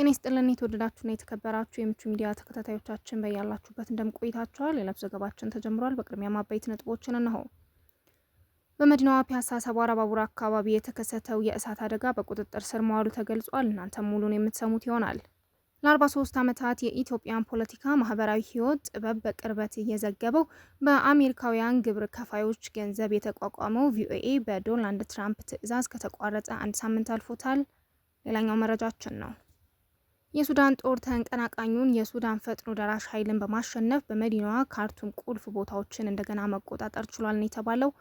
ጤና ይስጥልን የተወደዳችሁና የተከበራችሁ የምቹ ሚዲያ ተከታታዮቻችን በያላችሁበት እንደምቆይታችኋል። የለብ ዘገባችን ተጀምሯል። በቅድሚያ አበይት ነጥቦችን እነሆ። በመዲናዋ ፒያሳ ሰባራ ባቡር አካባቢ የተከሰተው የእሳት አደጋ በቁጥጥር ስር መዋሉ ተገልጿል። እናንተም ሙሉን የምትሰሙት ይሆናል። ለ43 ዓመታት የኢትዮጵያን ፖለቲካ፣ ማህበራዊ ህይወት ጥበብ በቅርበት እየዘገበው በአሜሪካውያን ግብር ከፋዮች ገንዘብ የተቋቋመው ቪኦኤ በዶናልድ ትራምፕ ትዕዛዝ ከተቋረጠ አንድ ሳምንት አልፎታል። ሌላኛው መረጃችን ነው። የሱዳን ጦር ተንቀናቃኙን የሱዳን ፈጥኖ ደራሽ ኃይልን በማሸነፍ በመዲናዋ ካርቱም ቁልፍ ቦታዎችን እንደገና መቆጣጠር ችሏል ነው የተባለው።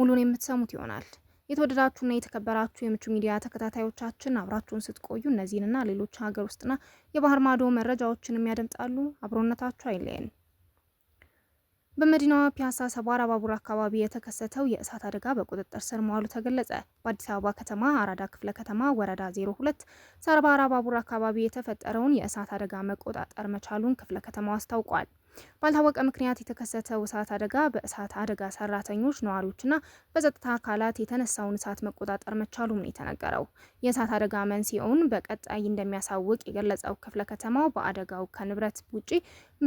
ሙሉን የምትሰሙት ይሆናል። የተወደዳችሁና የተከበራችሁ የምቹ ሚዲያ ተከታታዮቻችን አብራችሁን ስትቆዩ እነዚህንና ሌሎች ሀገር ውስጥና የባህር ማዶ መረጃዎችን የሚያደምጣሉ። አብሮነታችሁ አይለየን። በመዲናዋ ፒያሳ ሰባራ ባቡር አካባቢ የተከሰተው የእሳት አደጋ በቁጥጥር ስር መዋሉ ተገለጸ። በአዲስ አበባ ከተማ አራዳ ክፍለ ከተማ ወረዳ 02 ሰባራ ባቡር አካባቢ የተፈጠረውን የእሳት አደጋ መቆጣጠር መቻሉን ክፍለ ከተማው አስታውቋል። ባልታወቀ ምክንያት የተከሰተው እሳት አደጋ በእሳት አደጋ ሰራተኞች፣ ነዋሪዎችና በጸጥታ አካላት የተነሳውን እሳት መቆጣጠር መቻሉም ነው የተነገረው። የእሳት አደጋ መንስኤውን በቀጣይ እንደሚያሳውቅ የገለጸው ክፍለ ከተማው በአደጋው ከንብረት ውጪ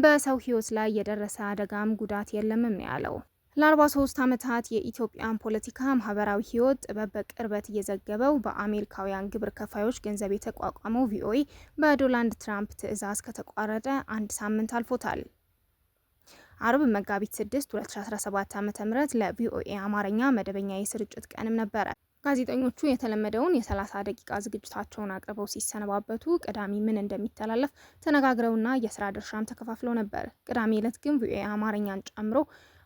በሰው ሕይወት ላይ የደረሰ አደጋም ጉዳት የለምም ያለው ለ ለ43 ዓመታት የኢትዮጵያን ፖለቲካ፣ ማህበራዊ ህይወት ጥበብ በቅርበት እየዘገበው በአሜሪካውያን ግብር ከፋዮች ገንዘብ የተቋቋመው ቪኦኤ በዶናልድ ትራምፕ ትዕዛዝ ከተቋረጠ አንድ ሳምንት አልፎታል። አርብ መጋቢት 6 2017 ዓ ም ለቪኦኤ አማርኛ መደበኛ የስርጭት ቀንም ነበረ። ጋዜጠኞቹ የተለመደውን የ30 ደቂቃ ዝግጅታቸውን አቅርበው ሲሰነባበቱ ቅዳሜ ምን እንደሚተላለፍ ተነጋግረውና የስራ ድርሻም ተከፋፍለው ነበር። ቅዳሜ ዕለት ግን ቪኦኤ አማርኛን ጨምሮ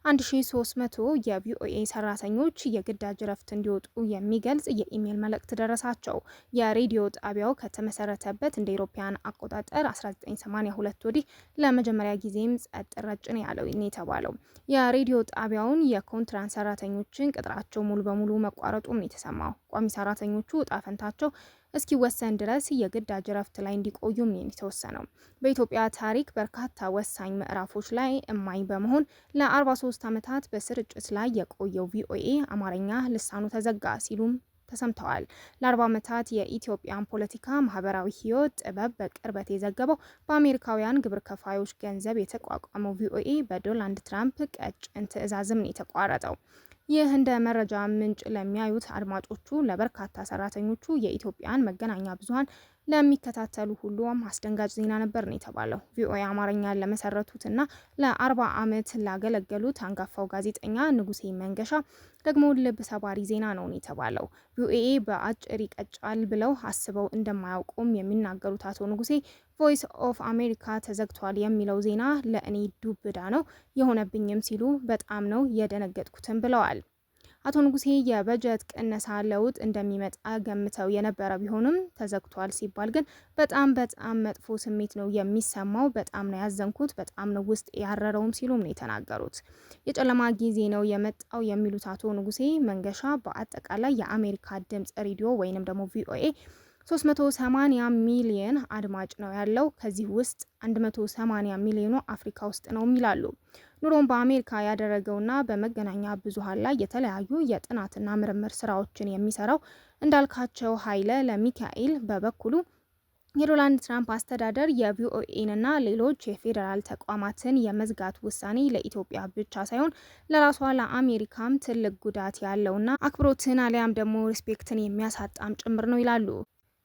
1300 የቪኦኤ ሰራተኞች የግዳጅ ረፍት እንዲወጡ የሚገልጽ የኢሜይል መልእክት ደረሳቸው። የሬዲዮ ጣቢያው ከተመሰረተበት እንደ ኢሮፓያን አቆጣጠር 1982 ወዲህ ለመጀመሪያ ጊዜም ጸጥ ረጭን ያለው የተባለው የሬዲዮ ጣቢያውን የኮንትራን ሰራተኞችን ቅጥራቸው ሙሉ በሙሉ መቋረጡም የተሰማው ቋሚ ሰራተኞቹ እጣ ፈንታቸው እስኪወሰን ድረስ የግዳጅ ረፍት ላይ እንዲቆዩም የተወሰነው። በኢትዮጵያ ታሪክ በርካታ ወሳኝ ምዕራፎች ላይ እማኝ በመሆን ለ43 ዓመታት በስርጭት ላይ የቆየው ቪኦኤ አማርኛ ልሳኑ ተዘጋ ሲሉም ተሰምተዋል። ለ40 ዓመታት የኢትዮጵያን ፖለቲካ፣ ማህበራዊ ህይወት፣ ጥበብ በቅርበት የዘገበው በአሜሪካውያን ግብር ከፋዮች ገንዘብ የተቋቋመው ቪኦኤ በዶናልድ ትራምፕ ቀጭን ትዕዛዝም ነው የተቋረጠው። ይህ እንደ መረጃ ምንጭ ለሚያዩት አድማጮቹ ለበርካታ ሰራተኞቹ የኢትዮጵያን መገናኛ ብዙሀን ለሚከታተሉ ሁሉም አስደንጋጭ ዜና ነበር ነው የተባለው። ቪኦኤ አማርኛ ለመሰረቱት እና ለአርባ ዓመት ላገለገሉት አንጋፋው ጋዜጠኛ ንጉሴ መንገሻ ደግሞ ልብ ሰባሪ ዜና ነው የተባለው። ቪኦኤ በአጭር ይቀጫል ብለው አስበው እንደማያውቁም የሚናገሩት አቶ ንጉሴ ቮይስ ኦፍ አሜሪካ ተዘግቷል የሚለው ዜና ለእኔ ዱብዳ ነው የሆነብኝም ሲሉ በጣም ነው የደነገጥኩትም ብለዋል። አቶ ንጉሴ የበጀት ቅነሳ ለውጥ እንደሚመጣ ገምተው የነበረ ቢሆንም ተዘግቷል ሲባል ግን በጣም በጣም መጥፎ ስሜት ነው የሚሰማው። በጣም ነው ያዘንኩት፣ በጣም ነው ውስጥ ያረረውም ሲሉም ነው የተናገሩት። የጨለማ ጊዜ ነው የመጣው የሚሉት አቶ ንጉሴ መንገሻ በአጠቃላይ የአሜሪካ ድምጽ ሬዲዮ ወይንም ደግሞ ቪኦኤ 380 ሚሊየን አድማጭ ነው ያለው። ከዚህ ውስጥ 180 ሚሊዮኑ አፍሪካ ውስጥ ነው የሚላሉ ኑሮን በአሜሪካ ያደረገውና በመገናኛ ብዙሃን ላይ የተለያዩ የጥናትና ምርምር ስራዎችን የሚሰራው እንዳልካቸው ኃይለ ለሚካኤል በበኩሉ የዶናልድ ትራምፕ አስተዳደር የቪኦኤንና ሌሎች የፌዴራል ተቋማትን የመዝጋት ውሳኔ ለኢትዮጵያ ብቻ ሳይሆን ለራሷ ለአሜሪካም ትልቅ ጉዳት ያለውና አክብሮትን አሊያም ደግሞ ሪስፔክትን የሚያሳጣም ጭምር ነው ይላሉ።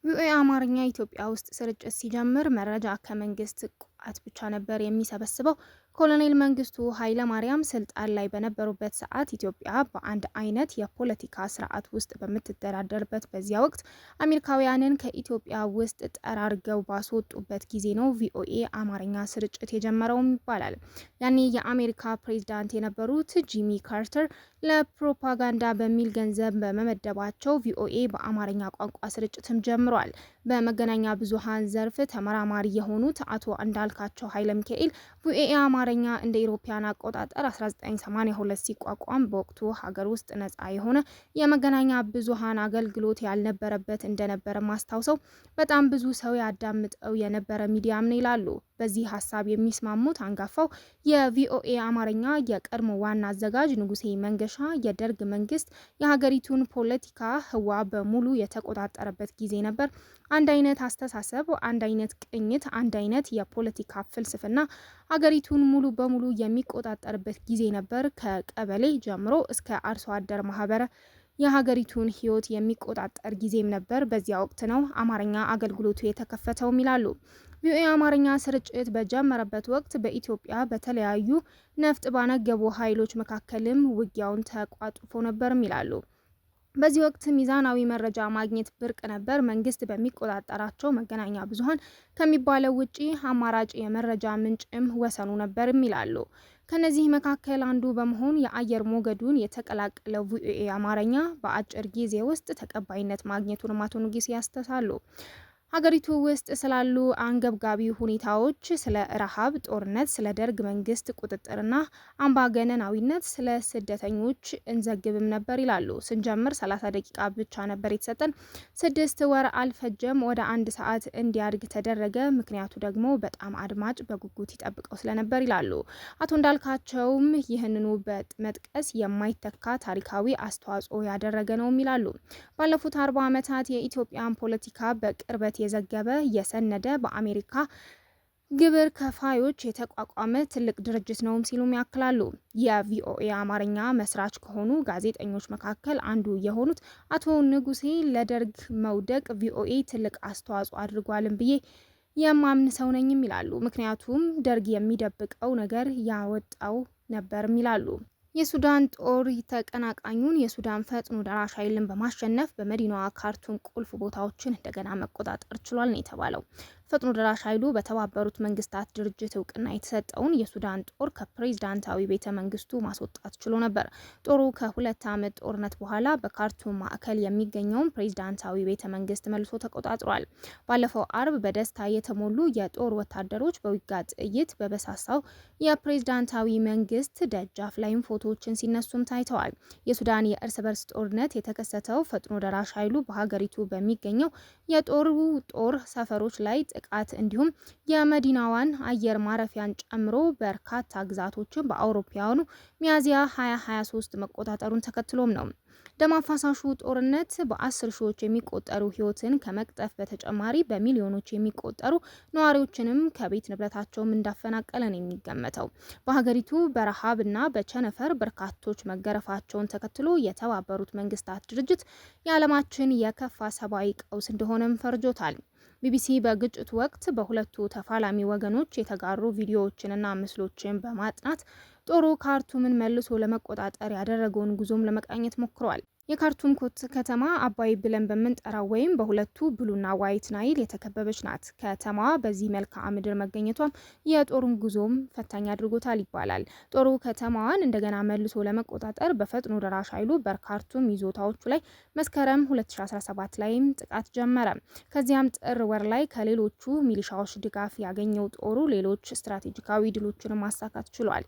ቪኦኤ አማርኛ ኢትዮጵያ ውስጥ ስርጭት ሲጀምር መረጃ ከመንግስት ቋት ብቻ ነበር የሚሰበስበው። ኮሎኔል መንግስቱ ኃይለማርያም ስልጣን ላይ በነበሩበት ሰዓት ኢትዮጵያ በአንድ አይነት የፖለቲካ ስርዓት ውስጥ በምትደራደርበት በዚያ ወቅት አሜሪካውያንን ከኢትዮጵያ ውስጥ ጠራርገው ባስወጡበት ጊዜ ነው ቪኦኤ አማርኛ ስርጭት የጀመረውም ይባላል። ያኔ የአሜሪካ ፕሬዚዳንት የነበሩት ጂሚ ካርተር ለፕሮፓጋንዳ በሚል ገንዘብ በመመደባቸው ቪኦኤ በአማርኛ ቋንቋ ስርጭትም ጀምሯል። በመገናኛ ብዙሃን ዘርፍ ተመራማሪ የሆኑት አቶ እንዳልካቸው ኃይለ ሚካኤል ቪኦኤ አማርኛ እንደ ኢሮፓያን አቆጣጠር 1982 ሲቋቋም በወቅቱ ሀገር ውስጥ ነጻ የሆነ የመገናኛ ብዙሃን አገልግሎት ያልነበረበት እንደነበረ ማስታውሰው በጣም ብዙ ሰው ያዳምጠው የነበረ ሚዲያም ነው ይላሉ። በዚህ ሀሳብ የሚስማሙት አንጋፋው የቪኦኤ አማርኛ የቀድሞ ዋና አዘጋጅ ንጉሴ መንገሻ የደርግ መንግስት የሀገሪቱን ፖለቲካ ህዋ በሙሉ የተቆጣጠረበት ጊዜ ነበር። አንድ አይነት አስተሳሰብ፣ አንድ አይነት ቅኝት፣ አንድ አይነት የፖለቲካ ፍልስፍና ሀገሪቱን ሙሉ በሙሉ የሚቆጣጠርበት ጊዜ ነበር። ከቀበሌ ጀምሮ እስከ አርሶ አደር ማህበረ የሀገሪቱን ህይወት የሚቆጣጠር ጊዜም ነበር። በዚያ ወቅት ነው አማርኛ አገልግሎቱ የተከፈተውም ይላሉ የአማርኛ ስርጭት በጀመረበት ወቅት በኢትዮጵያ በተለያዩ ነፍጥ ባነገቡ ኃይሎች መካከልም ውጊያውን ተቋጥፎ ነበርም ይላሉ። በዚህ ወቅት ሚዛናዊ መረጃ ማግኘት ብርቅ ነበር። መንግስት በሚቆጣጠራቸው መገናኛ ብዙኃን ከሚባለው ውጪ አማራጭ የመረጃ ምንጭም ወሰኑ ነበርም ይላሉ። ከነዚህ መካከል አንዱ በመሆን የአየር ሞገዱን የተቀላቀለው ቪኦኤ አማርኛ በአጭር ጊዜ ውስጥ ተቀባይነት ማግኘቱን አቶ ንጉስ ያስተሳሉ። ሀገሪቱ ውስጥ ስላሉ አንገብጋቢ ሁኔታዎች፣ ስለ ረሃብ፣ ጦርነት፣ ስለ ደርግ መንግስት ቁጥጥርና አምባገነናዊነት፣ ስለ ስደተኞች እንዘግብም ነበር ይላሉ። ስንጀምር 30 ደቂቃ ብቻ ነበር የተሰጠን። ስድስት ወር አልፈጀም፣ ወደ አንድ ሰዓት እንዲያድግ ተደረገ። ምክንያቱ ደግሞ በጣም አድማጭ በጉጉት ይጠብቀው ስለነበር ይላሉ። አቶ እንዳልካቸውም ይህንኑ በመጥቀስ የማይተካ ታሪካዊ አስተዋጽኦ ያደረገ ነውም ይላሉ። ባለፉት አርባ ዓመታት የኢትዮጵያን ፖለቲካ በቅርበት እየዘገበ እየሰነደ በአሜሪካ ግብር ከፋዮች የተቋቋመ ትልቅ ድርጅት ነውም ሲሉም ያክላሉ። የቪኦኤ አማርኛ መስራች ከሆኑ ጋዜጠኞች መካከል አንዱ የሆኑት አቶ ንጉሴ ለደርግ መውደቅ ቪኦኤ ትልቅ አስተዋጽኦ አድርጓልም ብዬ የማምን ሰው ነኝም ይላሉ። ምክንያቱም ደርግ የሚደብቀው ነገር ያወጣው ነበርም ይላሉ። የሱዳን ጦር ተቀናቃኙን የሱዳን ፈጥኖ ደራሽ ኃይልን በማሸነፍ በመዲናዋ ካርቱም ቁልፍ ቦታዎችን እንደገና መቆጣጠር ችሏል ነው የተባለው። ፈጥኖ ደራሽ ኃይሉ በተባበሩት መንግስታት ድርጅት እውቅና የተሰጠውን የሱዳን ጦር ከፕሬዝዳንታዊ ቤተ መንግስቱ ማስወጣት ችሎ ነበር። ጦሩ ከሁለት ዓመት ጦርነት በኋላ በካርቱም ማዕከል የሚገኘውን ፕሬዝዳንታዊ ቤተ መንግስት መልሶ ተቆጣጥሯል። ባለፈው አርብ በደስታ የተሞሉ የጦር ወታደሮች በውጊያ ጥይት በበሳሳው የፕሬዝዳንታዊ መንግስት ደጃፍ ላይም ፎቶዎችን ሲነሱም ታይተዋል። የሱዳን የእርስ በርስ ጦርነት የተከሰተው ፈጥኖ ደራሽ ኃይሉ በሀገሪቱ በሚገኘው የጦሩ ጦር ሰፈሮች ላይ ጥቃት እንዲሁም የመዲናዋን አየር ማረፊያን ጨምሮ በርካታ ግዛቶችን በአውሮፓውያኑ ሚያዝያ 2023 መቆጣጠሩን ተከትሎም ነው። ደም አፋሳሹ ጦርነት በአስር ሺዎች የሚቆጠሩ ህይወትን ከመቅጠፍ በተጨማሪ በሚሊዮኖች የሚቆጠሩ ነዋሪዎችንም ከቤት ንብረታቸውም እንዳፈናቀለ ነው የሚገመተው። በሀገሪቱ በረሃብ እና በቸነፈር በርካቶች መገረፋቸውን ተከትሎ የተባበሩት መንግስታት ድርጅት የዓለማችን የከፋ ሰብአዊ ቀውስ እንደሆነም ፈርጆታል። ቢቢሲ በግጭቱ ወቅት በሁለቱ ተፋላሚ ወገኖች የተጋሩ ቪዲዮዎችንና ምስሎችን በማጥናት ጦሩ ካርቱምን መልሶ ለመቆጣጠር ያደረገውን ጉዞም ለመቃኘት ሞክረዋል። የካርቱም ኮት ከተማ አባይ ብለን በምንጠራው ወይም በሁለቱ ብሉና ዋይት ናይል የተከበበች ናት። ከተማዋ በዚህ መልክዓ ምድር መገኘቷም የጦሩን ጉዞም ፈታኝ አድርጎታል ይባላል። ጦሩ ከተማዋን እንደገና መልሶ ለመቆጣጠር በፈጥኖ ደራሽ ኃይሉ በካርቱም ይዞታዎቹ ላይ መስከረም 2017 ላይም ጥቃት ጀመረ። ከዚያም ጥር ወር ላይ ከሌሎቹ ሚሊሻዎች ድጋፍ ያገኘው ጦሩ ሌሎች ስትራቴጂካዊ ድሎችንም ማሳካት ችሏል።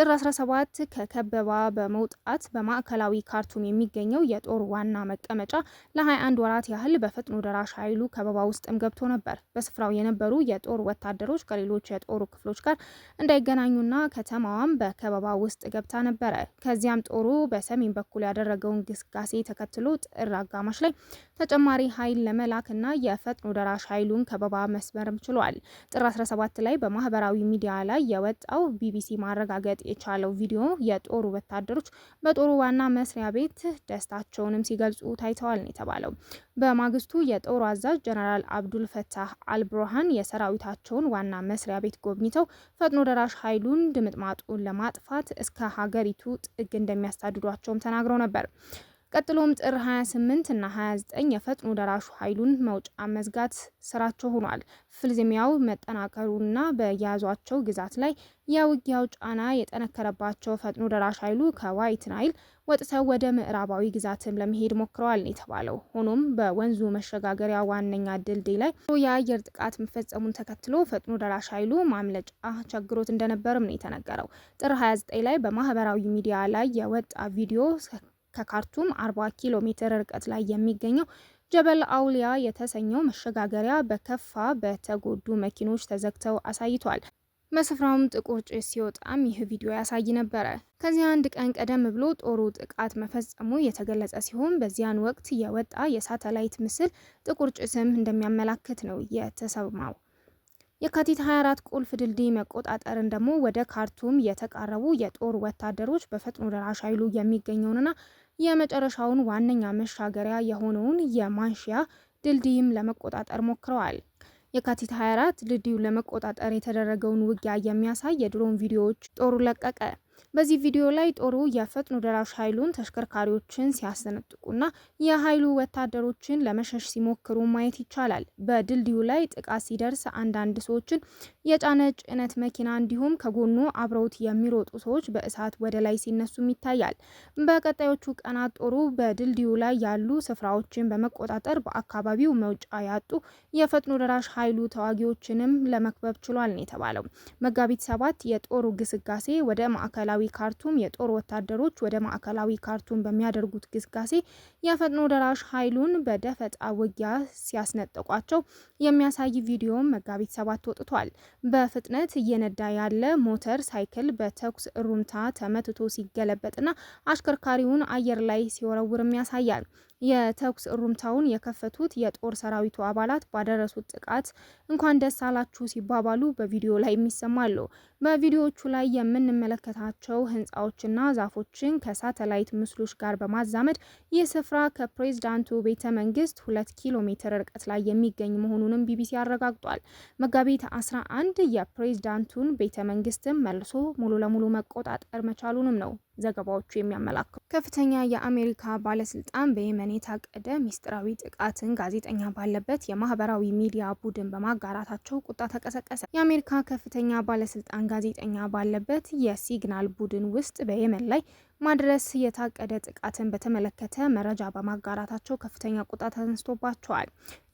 ጥር 17 ከከበባ በመውጣት በማዕከላዊ ካርቱም የሚገኘው የጦር ዋና መቀመጫ ለ21 ወራት ያህል በፈጥኖ ደራሽ ኃይሉ ከበባ ውስጥም ገብቶ ነበር። በስፍራው የነበሩ የጦር ወታደሮች ከሌሎች የጦሩ ክፍሎች ጋር እንዳይገናኙና ከተማዋም በከበባ ውስጥ ገብታ ነበረ። ከዚያም ጦሩ በሰሜን በኩል ያደረገውን ግስጋሴ ተከትሎ ጥር አጋማሽ ላይ ተጨማሪ ኃይል ለመላክና የፈጥኖ ደራሽ ኃይሉን ከበባ መስበርም ችሏል። ጥር 17 ላይ በማህበራዊ ሚዲያ ላይ የወጣው ቢቢሲ ማረጋገጥ የቻለው ቪዲዮ የጦሩ ወታደሮች በጦሩ ዋና መስሪያ ቤት ደስታቸውንም ሲገልጹ ታይተዋል ነው የተባለው። በማግስቱ የጦሩ አዛዥ ጀነራል አብዱል ፈታህ አልብርሃን የሰራዊታቸውን ዋና መስሪያ ቤት ጎብኝተው ፈጥኖ ደራሽ ኃይሉን ድምጥማጡን ለማጥፋት እስከ ሀገሪቱ ጥግ እንደሚያሳድዷቸውም ተናግረው ነበር። ቀጥሎም ጥር 28 እና 29 የፈጥኖ ደራሹ ኃይሉን መውጫ መዝጋት ስራቸው ሆኗል። ፍልዝሚያው መጠናከሩና በያዟቸው ግዛት ላይ የውጊያው ጫና የጠነከረባቸው ፈጥኖ ደራሽ ኃይሉ ከዋይት ናይል ወጥተው ወደ ምዕራባዊ ግዛትም ለመሄድ ሞክረዋል የተባለው። ሆኖም በወንዙ መሸጋገሪያ ዋነኛ ድልድይ ላይ የአየር ጥቃት መፈጸሙን ተከትሎ ፈጥኖ ደራሽ ኃይሉ ማምለጫ ቸግሮት እንደነበርም ነው የተነገረው። ጥር 29 ላይ በማህበራዊ ሚዲያ ላይ የወጣ ቪዲዮ ከካርቱም 40 ኪሎ ሜትር ርቀት ላይ የሚገኘው ጀበል አውሊያ የተሰኘው መሸጋገሪያ በከፋ በተጎዱ መኪኖች ተዘግተው አሳይቷል። በስፍራውም ጥቁር ጭስ ሲወጣም ይህ ቪዲዮ ያሳይ ነበረ። ከዚህ አንድ ቀን ቀደም ብሎ ጦሩ ጥቃት መፈጸሙ የተገለጸ ሲሆን በዚያን ወቅት የወጣ የሳተላይት ምስል ጥቁር ጭስም እንደሚያመላክት ነው የተሰማው። የካቲት 24 ቁልፍ ድልድይ መቆጣጠርን ደግሞ ወደ ካርቱም የተቃረቡ የጦር ወታደሮች በፈጥኖ ደራሽ ኃይሉ የሚገኘውንና የመጨረሻውን ዋነኛ መሻገሪያ የሆነውን የማንሽያ ድልድይም ለመቆጣጠር ሞክረዋል። የካቲት 24 ድልድዩን ለመቆጣጠር የተደረገውን ውጊያ የሚያሳይ የድሮን ቪዲዮዎች ጦሩ ለቀቀ። በዚህ ቪዲዮ ላይ ጦሩ የፈጥኖ ደራሽ ኃይሉን ተሽከርካሪዎችን ሲያስነጥቁና የኃይሉ ወታደሮችን ለመሸሽ ሲሞክሩ ማየት ይቻላል። በድልድዩ ላይ ጥቃት ሲደርስ አንዳንድ ሰዎችን የጫነ ጭነት መኪና እንዲሁም ከጎኑ አብረውት የሚሮጡ ሰዎች በእሳት ወደ ላይ ሲነሱም ይታያል። በቀጣዮቹ ቀናት ጦሩ በድልድዩ ላይ ያሉ ስፍራዎችን በመቆጣጠር በአካባቢው መውጫ ያጡ የፈጥኖ ደራሽ ኃይሉ ተዋጊዎችንም ለመክበብ ችሏል ነው የተባለው። መጋቢት ሰባት የጦሩ ግስጋሴ ወደ ማዕከላዊ ካርቱም የጦር ወታደሮች ወደ ማዕከላዊ ካርቱም በሚያደርጉት ግስጋሴ የፈጥኖ ደራሽ ኃይሉን በደፈጣ ውጊያ ሲያስነጥቋቸው የሚያሳይ ቪዲዮም መጋቢት ሰባት ወጥቷል። በፍጥነት እየነዳ ያለ ሞተር ሳይክል በተኩስ እሩምታ ተመትቶ ሲገለበጥና አሽከርካሪውን አየር ላይ ሲወረውርም ያሳያል። የተኩስ እሩምታውን የከፈቱት የጦር ሰራዊቱ አባላት ባደረሱት ጥቃት እንኳን ደስ አላችሁ ሲባባሉ በቪዲዮ ላይ የሚሰማሉ። በቪዲዮዎቹ ላይ የምንመለከታቸው ህንፃዎችና ዛፎችን ከሳተላይት ምስሎች ጋር በማዛመድ ይህ ስፍራ ከፕሬዝዳንቱ ቤተ መንግስት ሁለት ኪሎ ሜትር ርቀት ላይ የሚገኝ መሆኑንም ቢቢሲ አረጋግጧል። መጋቢት 11 የፕሬዝዳንቱን ቤተ መንግስትም መልሶ ሙሉ ለሙሉ መቆጣጠር መቻሉንም ነው ዘገባዎቹ የሚያመላክቱ። ከፍተኛ የአሜሪካ ባለስልጣን በየመን የታቀደ ሚስጥራዊ ጥቃትን ጋዜጠኛ ባለበት የማህበራዊ ሚዲያ ቡድን በማጋራታቸው ቁጣ ተቀሰቀሰ። የአሜሪካ ከፍተኛ ባለስልጣን ጋዜጠኛ ባለበት የሲግናል ቡድን ውስጥ በየመን ላይ ማድረስ የታቀደ ጥቃትን በተመለከተ መረጃ በማጋራታቸው ከፍተኛ ቁጣ ተነስቶባቸዋል።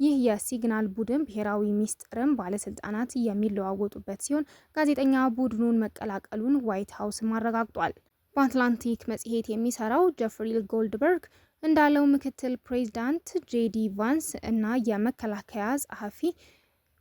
ይህ የሲግናል ቡድን ብሔራዊ ሚስጥርን ባለስልጣናት የሚለዋወጡበት ሲሆን ጋዜጠኛ ቡድኑን መቀላቀሉን ዋይት ሀውስም አረጋግጧል። በአትላንቲክ መጽሔት የሚሰራው ጀፍሪል ጎልድበርግ እንዳለው ምክትል ፕሬዚዳንት ጄዲ ቫንስ እና የመከላከያ ጸሐፊ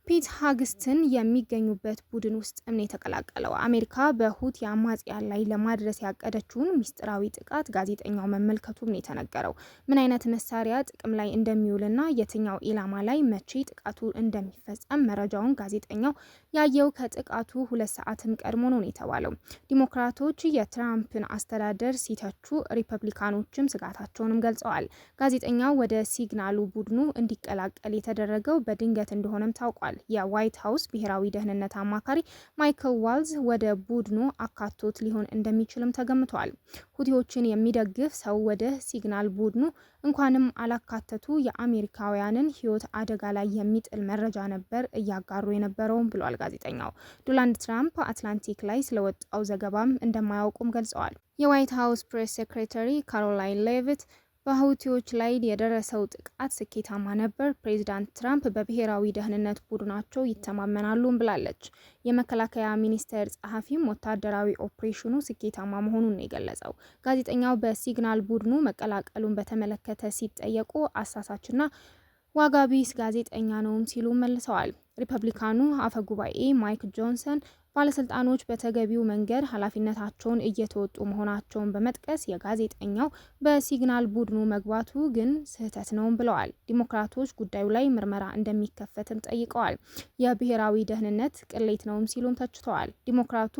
ፒት ሀግስትን የሚገኙበት ቡድን ውስጥም ነው የተቀላቀለው። አሜሪካ በሁቲ አማጽያን ላይ ለማድረስ ያቀደችውን ሚስጥራዊ ጥቃት ጋዜጠኛው መመልከቱም ነው የተነገረው። ምን አይነት መሳሪያ ጥቅም ላይ እንደሚውልና የትኛው ኢላማ ላይ መቼ ጥቃቱ እንደሚፈጸም መረጃውን ጋዜጠኛው ያየው ከጥቃቱ ሁለት ሰዓትም ቀድሞ ነው የተባለው። ዲሞክራቶች የትራምፕን አስተዳደር ሲተቹ፣ ሪፐብሊካኖችም ስጋታቸውንም ገልጸዋል። ጋዜጠኛው ወደ ሲግናሉ ቡድኑ እንዲቀላቀል የተደረገው በድንገት እንደሆነም ታውቋል። ተገልጿል። የዋይት ሀውስ ብሔራዊ ደህንነት አማካሪ ማይክል ዋልዝ ወደ ቡድኑ አካቶት ሊሆን እንደሚችልም ተገምቷል። ሁቲዎችን የሚደግፍ ሰው ወደ ሲግናል ቡድኑ እንኳንም አላካተቱ የአሜሪካውያንን ሕይወት አደጋ ላይ የሚጥል መረጃ ነበር እያጋሩ የነበረውም ብሏል ጋዜጠኛው። ዶናልድ ትራምፕ አትላንቲክ ላይ ስለወጣው ዘገባም እንደማያውቁም ገልጸዋል። የዋይት ሀውስ ፕሬስ ሴክሬታሪ ካሮላይን ሌቪት በሁቲዎች ላይ የደረሰው ጥቃት ስኬታማ ነበር፣ ፕሬዚዳንት ትራምፕ በብሔራዊ ደህንነት ቡድናቸው ይተማመናሉም ብላለች። የመከላከያ ሚኒስቴር ጸሐፊም ወታደራዊ ኦፕሬሽኑ ስኬታማ መሆኑን ነው የገለጸው። ጋዜጠኛው በሲግናል ቡድኑ መቀላቀሉን በተመለከተ ሲጠየቁ አሳሳችና ዋጋቢስ ጋዜጠኛ ነውም ሲሉ መልሰዋል። ሪፐብሊካኑ አፈ ጉባኤ ማይክ ጆንሰን ባለስልጣኖች በተገቢው መንገድ ኃላፊነታቸውን እየተወጡ መሆናቸውን በመጥቀስ የጋዜጠኛው በሲግናል ቡድኑ መግባቱ ግን ስህተት ነውም ብለዋል። ዲሞክራቶች ጉዳዩ ላይ ምርመራ እንደሚከፈትም ጠይቀዋል። የብሔራዊ ደህንነት ቅሌት ነውም ሲሉም ተችተዋል። ዲሞክራቱ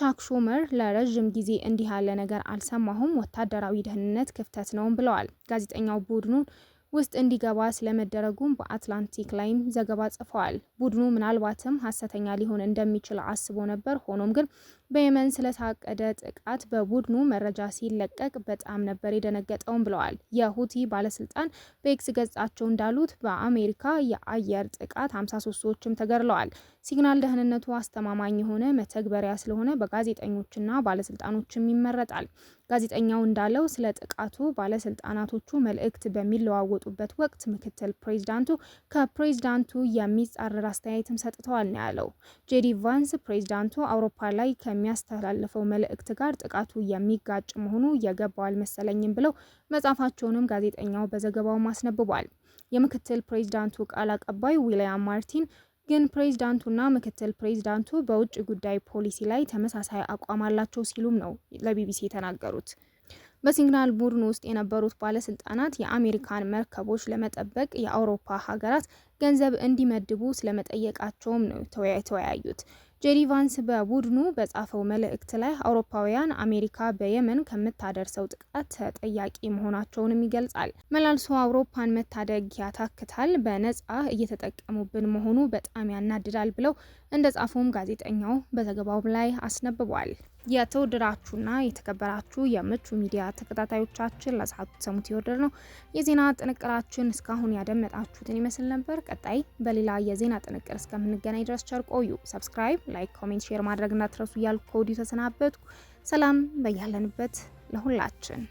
ቻክ ሹመር ለረዥም ጊዜ እንዲህ ያለ ነገር አልሰማሁም፣ ወታደራዊ ደህንነት ክፍተት ነውም ብለዋል። ጋዜጠኛው ቡድኑ ውስጥ እንዲገባ ስለመደረጉም በአትላንቲክ ላይም ዘገባ ጽፈዋል። ቡድኑ ምናልባትም ሀሰተኛ ሊሆን እንደሚችል አስቦ ነበር። ሆኖም ግን በየመን ስለታቀደ ጥቃት በቡድኑ መረጃ ሲለቀቅ በጣም ነበር የደነገጠውም ብለዋል። የሁቲ ባለስልጣን በኤክስ ገጻቸው እንዳሉት በአሜሪካ የአየር ጥቃት 53 ሰዎችም ተገድለዋል። ሲግናል ደህንነቱ አስተማማኝ የሆነ መተግበሪያ ስለሆነ በጋዜጠኞችና ባለስልጣኖችም ይመረጣል። ጋዜጠኛው እንዳለው ስለ ጥቃቱ ባለስልጣናቶቹ መልእክት በሚለዋወጡበት ወቅት ምክትል ፕሬዚዳንቱ ከፕሬዚዳንቱ የሚጻረር አስተያየትም ሰጥተዋል ነው ያለው። ጄዲ ቫንስ ፕሬዚዳንቱ አውሮፓ ላይ ከሚያስተላልፈው መልእክት ጋር ጥቃቱ የሚጋጭ መሆኑ የገባው አልመሰለኝም ብለው መጻፋቸውንም ጋዜጠኛው በዘገባው አስነብቧል። የምክትል ፕሬዚዳንቱ ቃል አቀባይ ዊሊያም ማርቲን ግን ፕሬዝዳንቱና ምክትል ፕሬዝዳንቱ በውጭ ጉዳይ ፖሊሲ ላይ ተመሳሳይ አቋም አላቸው ሲሉም ነው ለቢቢሲ የተናገሩት። በሲግናል ቡድን ውስጥ የነበሩት ባለስልጣናት የአሜሪካን መርከቦች ለመጠበቅ የአውሮፓ ሀገራት ገንዘብ እንዲመድቡ ስለመጠየቃቸውም ነው የተወያዩት። ጄሪ ቫንስ በቡድኑ በጻፈው መልእክት ላይ አውሮፓውያን አሜሪካ በየመን ከምታደርሰው ጥቃት ተጠያቂ መሆናቸውንም ይገልጻል። መላልሶ አውሮፓን መታደግ ያታክታል፣ በነጻ እየተጠቀሙብን መሆኑ በጣም ያናድዳል ብለው እንደ ጻፈውም ጋዜጠኛው በዘገባው ላይ አስነብቧል። የተወደዳችሁና የተከበራችሁ የምቹ ሚዲያ ተከታታዮቻችን ለሰዓቱ ሰሙት የወደድ ነው የዜና ጥንቅራችን እስካሁን ያደመጣችሁትን ይመስል ነበር። ቀጣይ በሌላ የዜና ጥንቅር እስከምንገናኝ ድረስ ቸር ቆዩ። ሰብስክራይብ፣ ላይክ፣ ኮሜንት፣ ሼር ማድረግ እንዳትረሱ እያልኩ ከወዲሁ ተሰናበትኩ። ሰላም በያለንበት ለሁላችን